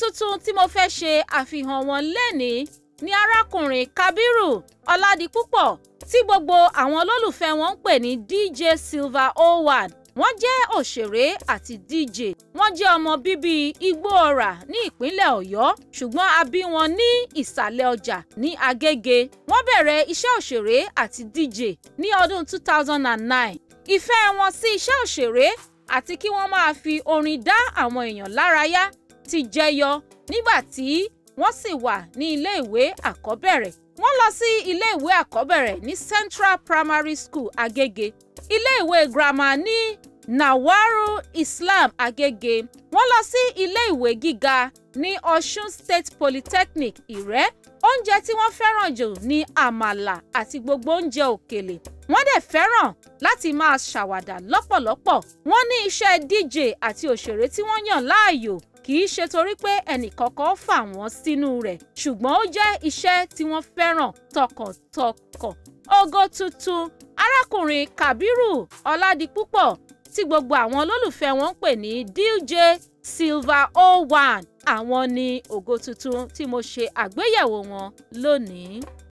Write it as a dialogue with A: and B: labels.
A: tuntun tí mo fẹ́ ṣe àfihàn wọn lẹ́nìí ni arákùnrin Kabiru Ọládipúpọ̀ tí gbogbo àwọn olólùfẹ́ wọn ń pè ní DJ Silver o1 wọ́n jẹ́ òṣèré àti DJ wọ́n jẹ́ ọmọ bíbí Igbóọrà ní ìpínlẹ̀ Ọ̀yọ́ ṣùgbọ́n a bí wọn ní ìsàlẹ̀ ọjà ní Agége wọ́n bẹ̀rẹ̀ iṣẹ́ òṣèré àti DJ ní ọdún 2009 ìfẹ́ wọn sí iṣẹ́ òṣèré àti kí wọ́n máa fi orin dá àwọn èèyàn lárayá ti jẹyọ nígbà tí wọ́n sì wà ní iléèwé àkọ́bẹ̀rẹ̀ wọ́n lọ sí iléèwé àkọ́bẹ̀rẹ̀ ní Central Primary School Agege iléèwé girama ní Nawaru Islam Agege wọ́n lọ sí iléèwé gíga ní Ọ̀ṣun State Polytechnic Ìrẹ́ oúnjẹ tí wọ́n fẹ́ràn jù ni amala àti gbogbo oúnjẹ òkèlè wọ́n dẹ̀ fẹ́ràn láti máa ṣàwàdà lọ́pọ̀lọpọ̀ wọ́n ní iṣẹ́ DJ àti òṣèré tí wọ́n yàn láàyò kì í ṣe torí pé ẹnìkọ̀ọ̀kan fà wọ́n sínú rẹ̀ ṣùgbọ́n ó jẹ́ iṣẹ́ tí wọ́n fẹ́ràn tọkàntọkàn. ògo tuntun arákùnrin Kàbírù Ọládipúpọ̀ tí gbogbo àwọn olólùfẹ́ wọn ń pè ní DJ Silver 01 àwọn ni ògo tuntun tí mo ṣe àgbéyẹ̀wò wọn lónìí.